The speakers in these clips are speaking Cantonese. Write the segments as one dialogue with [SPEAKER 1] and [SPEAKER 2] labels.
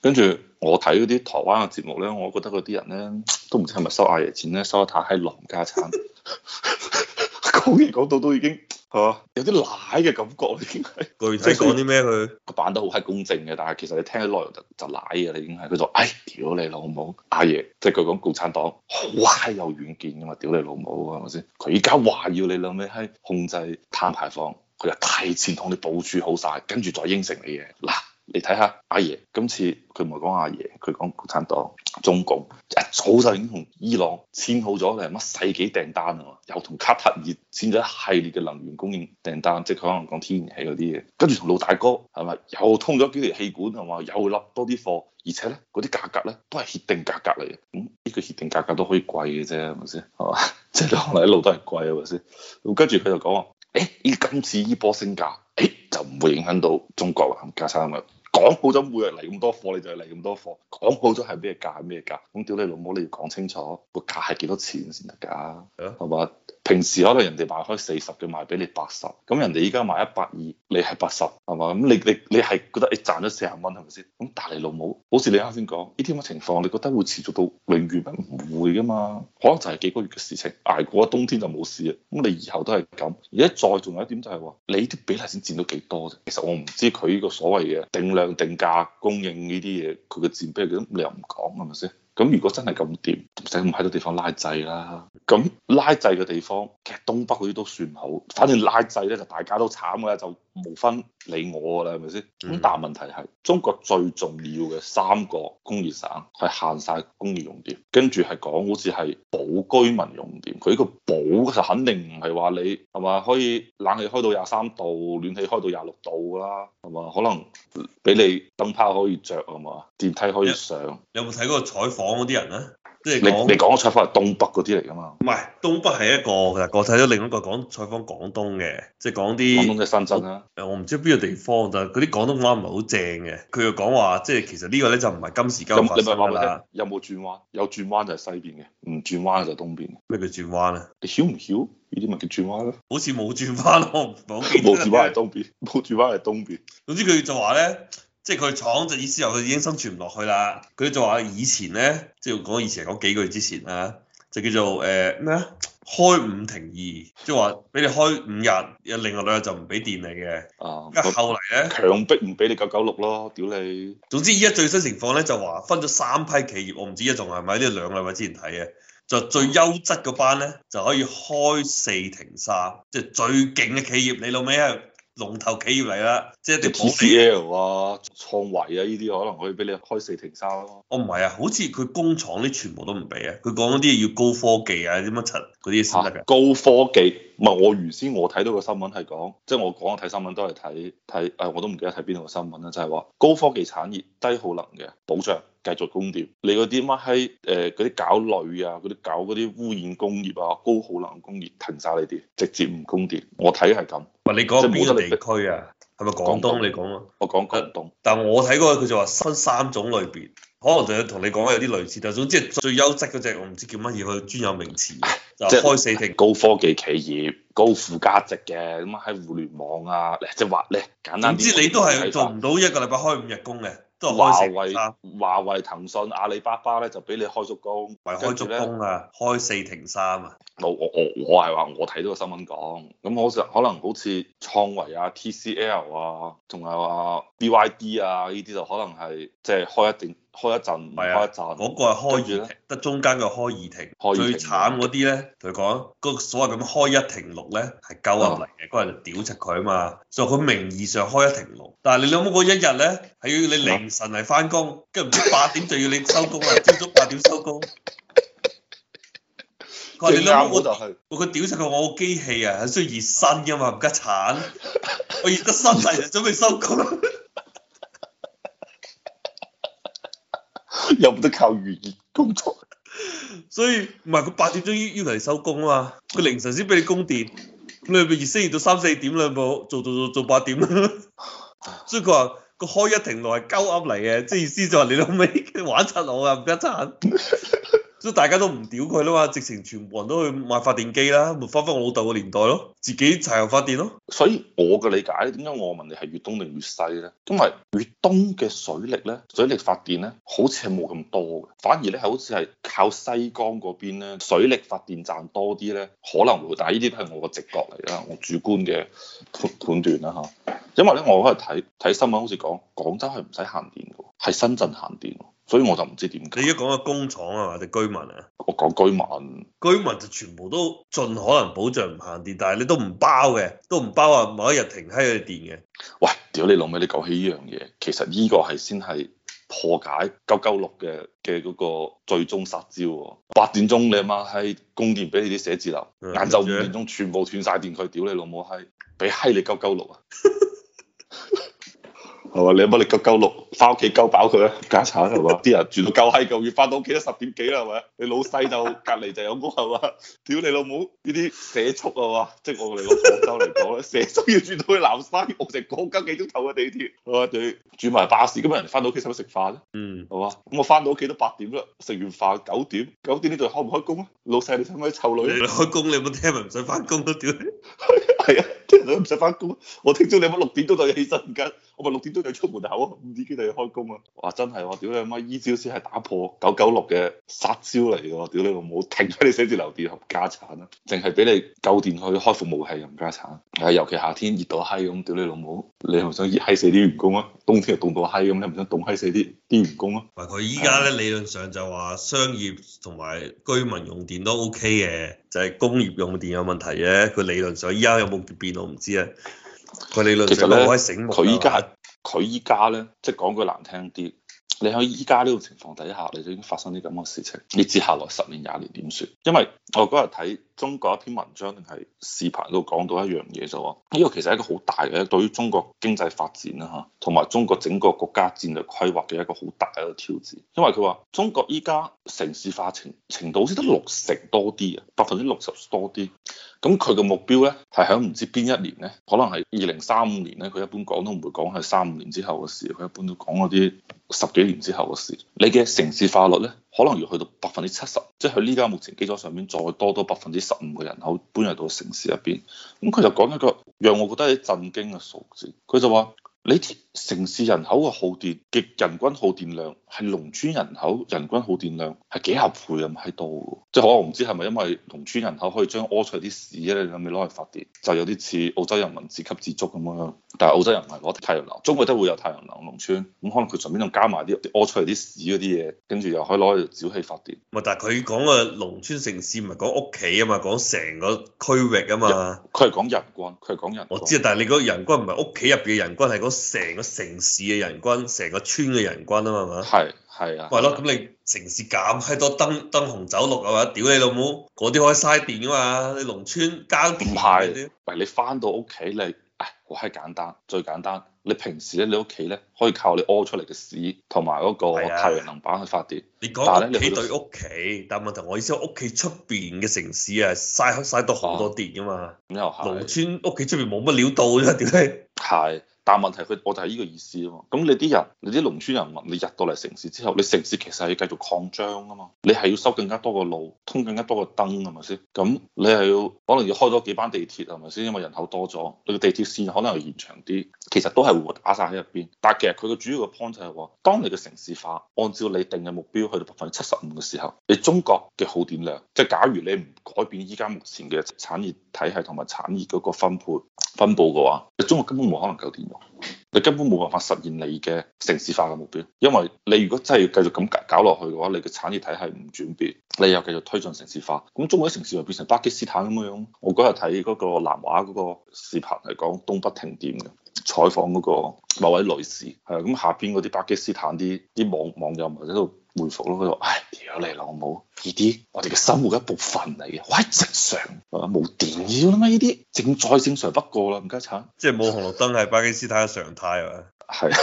[SPEAKER 1] 跟住我睇嗰啲台灣嘅節目咧，我覺得嗰啲人咧都唔知係咪收阿爺錢咧，收一太閪狼家產。講完 講到都已經嚇，有啲奶嘅感覺已經係。具體講啲咩佢？個扮得好閪公正嘅，但係其實你聽啲內容就就奶嘅，你已經係佢、哎、就唉、是，屌你老母！阿爺即係佢講共產黨好閪有遠見㗎嘛，屌你老母係咪先？佢而家話要你諗咩閪控制碳排放，佢就提前同你部署好晒。跟住再應承你嘢嗱。你睇下阿爺，今次佢唔係講阿爺，佢講共產黨、中共，一、啊、早就已經同伊朗簽好咗嘅乜世紀訂單啊，又同卡塔爾簽咗一系列嘅能源供應訂單，即佢可能講天然氣嗰啲嘢，跟住同老大哥係咪又通咗幾條氣管係嘛，又笠多啲貨，而且咧嗰啲價格咧都係協定價格嚟嘅，咁、嗯、呢個協定價格都可以貴嘅啫，係咪先？係 嘛，即係可能一路都係貴啊，係咪先？咁跟住佢就講話，誒、欸、今次呢波升價，誒、欸、就唔會影響到中國啊，加餐啊。講好咗每日嚟咁多貨，你就嚟咁多貨。講好咗係咩價，咩價，咁屌你老母，你要講清楚個價係幾多錢先得㗎，係啊、好嘛？平時可能人哋賣開四十嘅賣俾你八十，咁人哋依家賣一百二，你係八十，係嘛？咁你你你係覺得你賺咗四十蚊係咪先？咁你老母，好似你啱先講呢啲咁嘅情況，你覺得會持續到永遠唔會噶嘛，可能就係幾個月嘅事情，捱過咗冬天就冇事啊。咁你以後都係咁。而家再仲有一點就係、是、話，你啲比例先佔到幾多啫？其實我唔知佢呢個所謂嘅定量定價供應呢啲嘢，佢嘅佔比幾多，你又唔講係咪先？咁如果真係咁掂，唔使咁喺多地方拉掣啦。咁拉掣嘅地方，其實東北嗰啲都算好。反正拉掣咧就大家都慘嘅，就冇分你我㗎啦，係咪先？咁但、嗯、問題係，中國最重要嘅三個工業省係限晒工業用電，跟住係講好似係保居民用電。佢呢個保就肯定唔係話你係嘛，可以冷氣開到廿三度，暖氣開到廿六度啦，係嘛？可能俾你燈泡可以着吖嘛？電梯可以上。
[SPEAKER 2] 有冇睇過採訪？講嗰啲人啦，
[SPEAKER 1] 即係講，你講採訪係東北嗰啲嚟㗎嘛？
[SPEAKER 2] 唔係，東北係一個嘅。其實我睇咗另一個講採訪廣東嘅，即係講啲廣東嘅深圳啦。誒，我唔知邊個地方，但係嗰啲廣東話唔係好正嘅。佢又講話，即係其實呢個咧就
[SPEAKER 1] 唔係今時今日有冇轉彎？有轉彎就係西邊嘅，唔轉彎就係東邊。咩叫轉彎你曉唔曉？呢啲咪叫轉彎咧？好似冇轉彎咯，冇轉彎係東邊，冇轉彎係東邊。
[SPEAKER 2] 總之佢就話咧。即係佢廠就意思又佢已經生存唔落去啦。佢就話以前咧，即係講以前講幾個月之前啊，就叫做誒咩啊，開五停二，即係話俾你開五日，又另外兩日就唔俾電你嘅。啊，跟住後嚟咧，強逼唔俾你九九六咯，屌你！總之依家最新情況咧，就話分咗三批企業，我唔知一仲係咪，呢咧？兩個禮拜之前睇嘅，就最優質嗰班咧，就可以開四停三，即係最勁嘅企業，你老味啊！龍頭企業嚟啦，即係啲
[SPEAKER 1] TCL 啊、創維啊呢啲可能可以俾你開
[SPEAKER 2] 四停三咯。我唔係啊，好似佢工廠啲全部都唔俾啊。佢講嗰啲要高科技啊，
[SPEAKER 1] 啲乜柒啲高科技，唔係我原先我睇到個新聞係講，即係我講睇新聞都係睇睇，誒我都唔記得睇邊度個新聞啦，就係話高科技產業低耗能嘅保障，繼續供電，你嗰啲乜閪、誒，啲、呃、搞鋁啊，嗰啲搞嗰啲污染工業啊，高耗能工業停晒你哋，直接唔供電。我睇係咁。唔係，你講邊個地區啊？係咪廣東？廣東你講啊？我講廣東、
[SPEAKER 2] 啊。但我睇過佢就話分三種類別，可能就同你講有啲類似。但係總之最優質嗰隻我唔知叫乜嘢，佢專有名詞、啊、就開四
[SPEAKER 1] 停。高科技企業、高附加值嘅咁啊，喺互聯網啊，即係話咧簡單啲。知你都係做唔
[SPEAKER 2] 到一個禮拜開五日工嘅。
[SPEAKER 1] 都係華為，華為、騰訊、阿里巴巴咧就俾你開足工，唔係開足工啊，開四停三啊！我我我我係話，我睇到個新聞講，咁好似可能好似創維啊、TCL 啊，仲有啊 BYD 啊呢啲就可能係即係開一啲。開一陣，係啊，嗰個係開二停，
[SPEAKER 2] 得中間嘅開二停，最慘嗰啲咧，佢講，個所謂咁開一停六咧係救唔嚟嘅，嗰日就屌柒佢啊嘛，就佢名義上開一停六，但係你諗嗰一日咧係要你凌晨嚟翻工，跟住唔知八點就要你收工啊，朝早八點收工，佢話你諗下，佢屌柒佢我個機器啊，需要熱身噶嘛，唔得鏟，我熱得身嚟就準備收工。又唔得靠預熱工作， 所以唔係佢八點鐘要要嚟收工啊嘛，佢凌晨先俾你供電，咁你咪熱先熱到三四點兩部做做做做八點 所以佢話個開一停落係鳩噏嚟嘅，即係意思就係你諗未玩殘我啊，唔得殘。 所以大家都唔屌佢啦嘛，直情全部人
[SPEAKER 1] 都去買發電機啦，咪翻返我老豆個年代咯，自己柴油發電咯。所以我嘅理解咧，點解我問你係粵東定粵西呢？因為粵東嘅水力呢，水力發電呢，好似係冇咁多，反而呢，好似係靠西江嗰邊咧，水力發電站多啲呢，可能會。但係呢啲都係我個直覺嚟啦，我主觀嘅判判斷啦嚇。因為呢，我嗰日睇睇新聞好，好似講廣州係唔使限電嘅，係深圳限電。所以我就唔知點解。你而家講下工廠啊或者居民啊，我講居民。居民
[SPEAKER 2] 就全部都盡可能保障唔限電，但係你都唔包嘅，都唔包啊某一日停喺
[SPEAKER 1] 佢電嘅。喂，屌你老母！你講起依樣嘢，其實呢個係先係破解九九六嘅嘅嗰個最終殺招。八點鐘你阿媽喺供電俾你啲寫字樓，晏晝五點鐘全部斷晒電，佢屌你老母閪，俾閪你九九六啊！ 係嘛？你有冇你夠夠六翻屋企夠飽佢咧？家炒啦係嘛？啲 人住夠悉悉到夠閪夠月，翻到屋企都十點幾啦，係咪？你老細就隔籬 就有屋，係嘛？屌你老母！呢啲社畜啊嘛，即係我哋個廣州嚟講咧， 社畜要住到去南山，我成廣州幾鐘頭嘅地鐵。係嘛？對，轉埋巴士，今日人翻到屋企使唔使食飯咧？要要飯嗯，係嘛？咁我翻到屋企都八點啦，食完飯九點，九點呢度開唔開工啊？老細你使唔使湊女？你開工你有冇聽唔使翻工都屌你？係 啊，聽唔使翻工。我聽朝你有冇六點鐘就要起身噶？我咪六點出門口唔、啊、知幾時要開工啊！哇，真係我、啊、屌你媽！呢招先係打破九九六嘅殺招嚟㗎，屌你老母，停咗你寫字樓電合家產啊。淨係俾你夠電去開服務器唔家產、啊。係尤其夏天熱到閪咁，屌你老母，你又想熱閪死啲員工啊？冬天又凍到閪咁，你唔想凍閪死啲啲員工
[SPEAKER 2] 啊？佢依家咧理論上就話商業同埋居民用電都 O K 嘅，就係、是、工業用電有問題嘅。佢理論上依家有冇變到？唔知啊。佢理論上好醒佢依家。
[SPEAKER 1] 佢依家呢，即係講句難聽啲，你喺依家呢個情況底下，你就已經發生啲咁嘅事情。你接下來十年、廿年點算？因為我嗰日睇。中國一篇文章定係視頻都講到一樣嘢就話，呢個其實係一個好大嘅，對於中國經濟發展啦嚇，同埋中國整個國家戰略規劃嘅一個好大嘅挑戰。因為佢話中國依家城市化程程度好似得六成多啲啊，百分之六十多啲。咁佢嘅目標呢，係響唔知邊一年呢？可能係二零三五年呢。佢一般講都唔會講係三五年之後嘅事，佢一般都講嗰啲十幾年之後嘅事。你嘅城市化率呢，可能要去到百分之七十，即係佢依家目前基礎上面再多多百分之。十五個人口搬入到城市入邊，咁佢就講一個讓我覺得有啲震驚嘅數字，佢就話你城市人口嘅耗電極人均耗電量，係農村人口人均耗電量係幾十倍咁喺度喎，即係可能我唔知係咪因為農村人口可以將屙出嚟啲屎咧，咁咪攞去發電，就有啲似澳洲人民自給自足咁樣。但係澳洲人唔係攞太陽能，中國都會有太陽能農村，咁可能佢上邊仲加埋啲屙出嚟啲屎嗰啲嘢，跟住又可以攞去沼氣發電。
[SPEAKER 2] 唔係，但係佢講嘅農村城市唔係講屋企啊嘛，講成個區域啊嘛。佢係講人均，佢係講人均。我知啊，但係你嗰個人均唔係屋企入邊嘅人均，係講成個城市嘅人均，成個村嘅人均啊嘛，係。係係啊，係咯，咁的的你城市咁閪多燈燈紅酒綠啊嘛，屌你老母，嗰啲可以
[SPEAKER 1] 嘥電噶嘛，你農村交電唔係，喂是你翻到屋企你，唉，鬼簡單，最簡單，你平時咧你屋企咧可以靠你屙出嚟嘅屎同埋嗰個太陽能板去發電，的你講屋企對屋
[SPEAKER 2] 企，但問題我意思屋企出
[SPEAKER 1] 邊嘅城市啊嘥嘥多好多電噶嘛，咁、啊、又係農村屋企出邊冇乜料到啫，點解？係，但問題佢我就係呢個意思啊嘛。咁你啲人，你啲農村人民，你入到嚟城市之後，你城市其實係要繼續擴張啊嘛。你係要收更加多個路，通更加多個燈，係咪先？咁你係要可能要開多幾班地鐵，係咪先？因為人口多咗，你個地鐵線可能係延長啲。其實都係會打晒喺入邊。但其實佢個主要嘅 point 就係話，當你嘅城市化按照你定嘅目標去到百分之七十五嘅時候，你中國嘅耗電量，即係假如你唔改變依家目前嘅產業體係同埋產業嗰個分配。分佈嘅話，中國根本冇可能夠電用，你根本冇辦法實現你嘅城市化嘅目標，因為你如果真係要繼續咁搞落去嘅話，你嘅產業體系唔轉變，你又繼續推進城市化，咁中國啲城市又變成巴基斯坦咁樣。我嗰日睇嗰個南華嗰個視頻嚟講東北停電嘅，採訪嗰個某位女士，係咁下邊嗰啲巴基斯坦啲啲網網友咪喺度回覆咯，佢話：唉，屌你老母，呢啲我哋嘅生活一部分嚟嘅，我係正常。冇電要啦嘛，呢啲再正，正常不過啦，唔該曬。即係冇紅綠燈係巴基斯坦嘅常態啊嘛。係啊，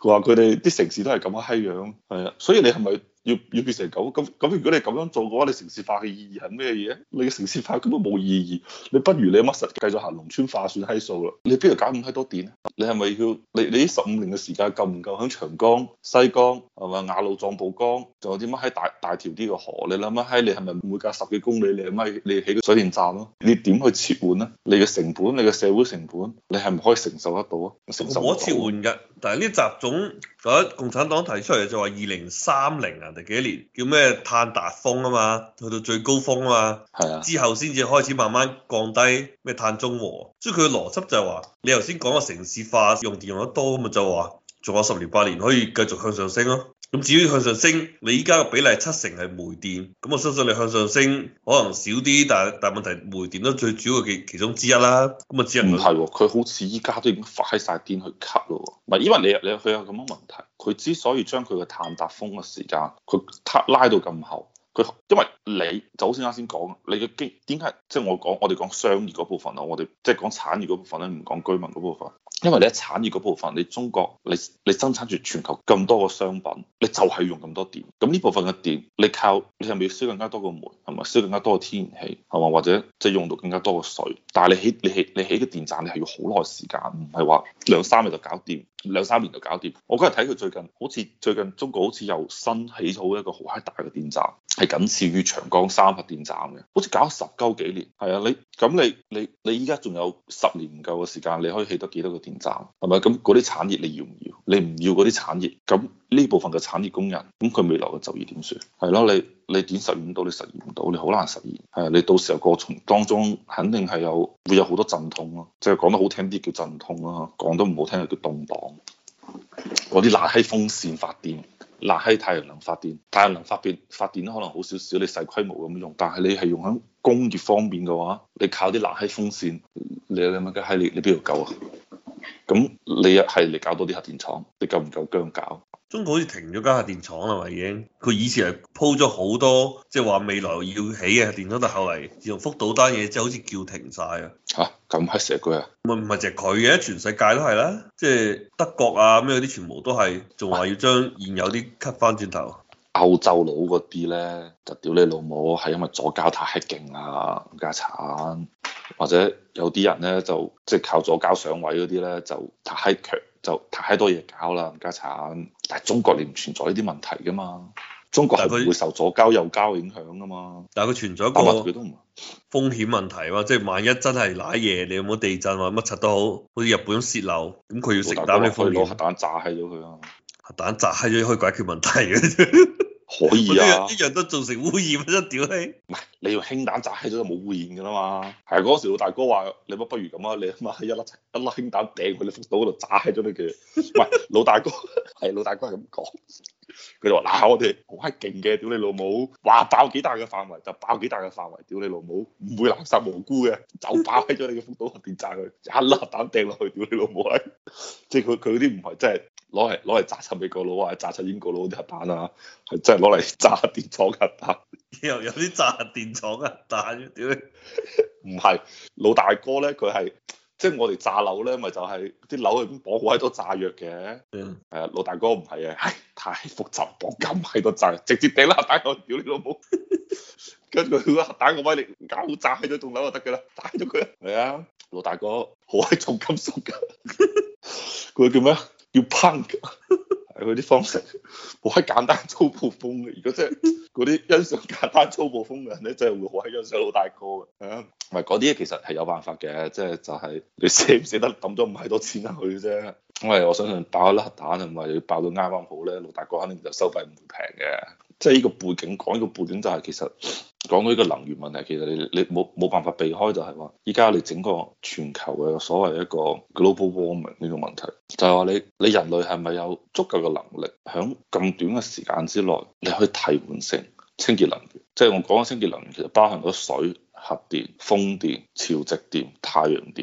[SPEAKER 1] 話佢哋啲城市都係咁嘅閪樣。所以你係咪？要要變成咁咁咁，如果你咁樣做嘅話，你城市化嘅意義係咩嘢？你嘅城市化根本冇意義，你不如你乜繼續行農村化算閪數啦。你邊度搞咁閪多電？你係咪要你你十五年嘅時間夠唔夠？響長江、西江係嘛？雅魯藏布江仲有啲乜喺大大條啲嘅河？你諗下，閪？你係咪每隔十幾公里你咪你起個水電站咯？你點去切換咧？你嘅成本，你嘅社會成本，你係唔可以承受得到啊？承受到我切換嘅，但係呢集總共產黨提出
[SPEAKER 2] 嚟就話二零三零啊。嚟幾年叫咩碳達峰啊嘛，去到最高峰啊嘛，係啊，之後先至開始慢慢降低咩碳中和，所以佢嘅邏輯就係話，你頭先講個城市化用電用得多咁啊，就話仲有十年八年可以繼續向上升咯，啊。咁至於向上升，你依家嘅比例七成係煤電，咁我相信你向上升可
[SPEAKER 1] 能少啲，但但問題煤電都最主要嘅其中之一啦。咁啊，只係唔係喎？佢好似依家都已經發晒癲去吸咯，唔係因為你你佢有咁嘅問題。佢之所以將佢嘅碳達峰嘅時間，佢拉拉到咁後，佢因為你就好似啱先講，你嘅經點解即係我講我哋講商業嗰部分啊，我哋即係講產業嗰部分咧，唔講居民嗰部分。因為你喺產業嗰部分，你中國你你生產住全球咁多個商品，你就係用咁多電。咁呢部分嘅電，你靠你係咪要燒更加多嘅煤？係咪？燒更加多嘅天然氣？係嘛？或者即係用到更加多嘅水？但係你起你起你起個電站，你係要好耐時間，唔係話兩三年就搞掂，兩三年就搞掂。我嗰日睇佢最近，好似最近中國好似又新起咗一個好閪大嘅電站，係僅次於長江三峽電站嘅。好似搞十鳩幾年。係啊，你咁你你你依家仲有十年唔夠嘅時間，你可以起得幾多個電站？站係咪咁，嗰啲產業你要唔要？你唔要嗰啲產業，咁呢部分嘅產業工人，咁佢未來嘅就業點算？係咯，你你點實現到？你實現唔到，你好難實現。係你到時候過程當中，肯定係有會有好多陣痛咯。即係講得好聽啲叫陣痛咯，講得唔好聽就叫動盪。嗰啲垃閪風扇發電、垃閪太陽能發電、太陽能發電發電可能好少少，你細規模咁用，但係你係用喺工業方面嘅話，你靠啲垃閪風扇，你，個系列你有兩蚊雞，係你你邊度夠啊？咁你係你搞多啲核電廠，你夠唔夠薑搞？
[SPEAKER 2] 中國好似停咗間核電廠啦，係咪已經？佢以前係鋪咗好多，即係話未來要起嘅電廠，但後嚟自從福島單嘢之後，即係、好似叫停晒啊！
[SPEAKER 1] 吓咁黑社會啊？
[SPEAKER 2] 唔係唔係，淨係佢嘅，全世界都係啦，即、就、係、是、德國啊咩嗰啲，全部都係，仲話要將現有
[SPEAKER 1] 啲 cut 翻轉頭。啊啊。歐洲佬嗰啲咧就屌你老母，係因為左膠太黑勁啦，冚家產。或者有啲人咧就即係靠左膠上位嗰啲咧就太強，就，太，就太多嘢搞啦，冚家產。但係中國你唔存在呢啲問題噶嘛？中國係會受左膠右膠影響噶嘛？但係佢存在一
[SPEAKER 2] 個風險問題咯，即係萬一真係瀨嘢，你有冇地震或乜柒都好，好似日本泄漏，咁佢要承擔呢方面。攞核彈炸閪咗佢啊！核彈炸閪咗可以解決問題嘅。 可以啊，一
[SPEAKER 1] 樣都造成污染，真屌你！唔係你用氫彈炸起咗就冇污染噶啦嘛。係嗰時老大哥話：你乜不如咁啊？你起一粒一粒氫彈掟去你福島嗰度炸起咗你嘅。喂，老大哥，係 老大哥係咁講。佢就話嗱、啊，我哋好閪勁嘅，屌你老母，話爆幾大嘅範圍就爆幾大嘅範圍，屌你老母，唔會濫殺無辜嘅，就爆喺咗你嘅福島入邊炸佢， 一粒彈掟落去，屌你老母閪！即係佢佢嗰啲唔係真係。攞嚟攞嚟炸出美國佬啊，炸出英國佬啲核彈啊，佢真係攞嚟炸核電廠嘅核彈。 又有啲炸核電廠嘅核彈？屌你！唔係老大哥咧，佢係即係我哋炸樓咧，咪就係啲樓係咁綁好喺度炸藥嘅。嗯。係啊，老大哥唔係啊，係太複雜，綁金喺度炸，直接掟粒核彈我媽媽，屌你老母！跟住佢個核彈個威力搞炸喺咗棟樓就得㗎啦，打咗佢。啊，係啊，老大哥好閪重金屬㗎。 佢叫咩？要叫 punk，佢啲 方式好閪簡單粗暴風嘅。如果真係嗰啲欣賞簡單粗暴風嘅人咧，真係會好閪欣賞老大哥嘅嚇。唔係嗰啲，其實係有辦法嘅，即係就係、係、你捨唔捨得抌咗唔係多錢落去啫？因為我係我相信爆一粒核彈啊，係咪爆到啱啱好咧，老大哥肯定就收費唔會平嘅。即係呢個背景，講呢個背景就係其實講到呢個能源問題，其實你你冇冇辦法避開就係話，依家你整個全球嘅所謂一個 global warming 呢個問題，就係話你你人類係咪有足夠嘅能力喺咁短嘅時間之內，你可以替換成清潔能源？即係我講嘅清潔能源，其實包含咗水、核電、風電、潮汐電、太陽電。